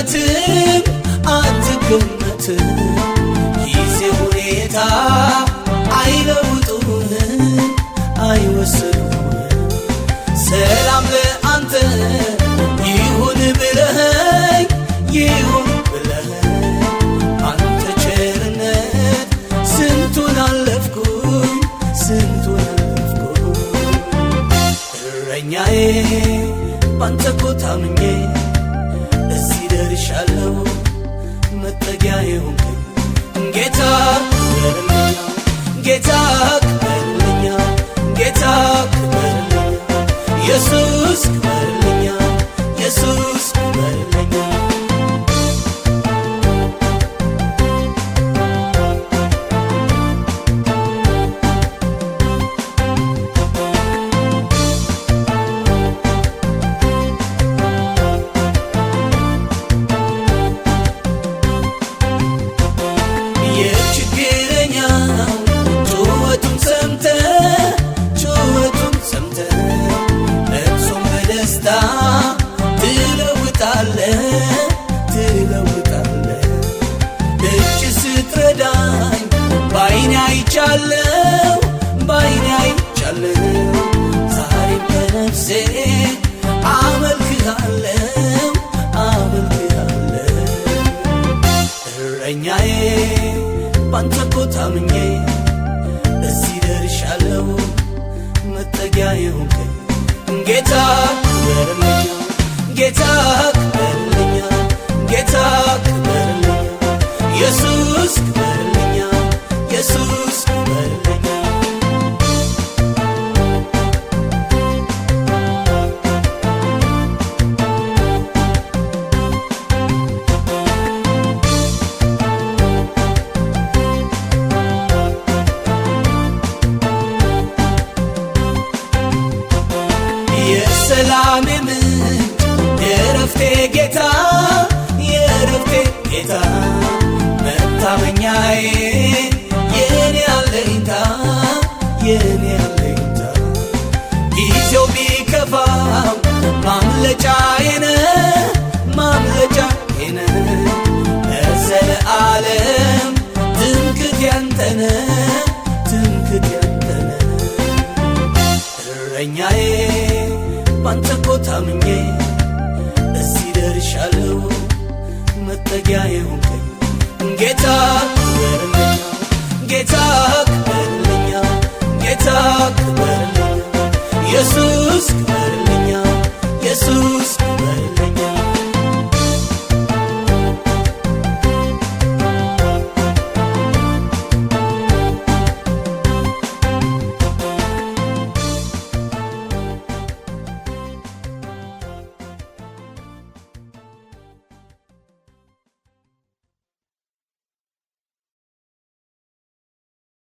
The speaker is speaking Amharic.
አትገመትም አትገመትም ጊዜ ሁኔታ አይለውጡን አይወስኑን ሰላም ለአንተ ይሁን ብለኸኝ ይሁን ብለኸኝ አንተ ቸርነት ስንቱን አለፍኩኝ ስንቱን አለፍኩኝ እረኛዬ ባንተ ኮ ደርሻለሁ መጠጊያ የሆንከኝ ጌታ ጌታ አለው ባይኔ አይቻለው ዛሬ በነፍሴ አመልክሃለው አመልክሃለው እረኛዬ ባንተ እኮ ታምኜ እዚህ ደርሻለው መጠጊያ የሆንከኝ ጌታ ክበርልኛ ጌታ ክበርልኛ ጌታ ክበርልኛ ኢየሱስ ክበርልኛ ኢየሱስ የሰላሜ ምንጭ የእረፍቴ ጌታ የእረፍቴ ጌታ ማምለጫዬን ማምለጫዬን ለዘለዓለም ትምክት ያንተነ ትምክት ያንተነ እረኛዬ ባንተ እኮ ታምኜ እዚህ ደርሻለሁ መጠጊያ የሆንከኝ ጌታ ክበርልኛ ጌታ ክበርልኛ ጌታ ክበርልኛ ኢየሱስ ክበርልኛ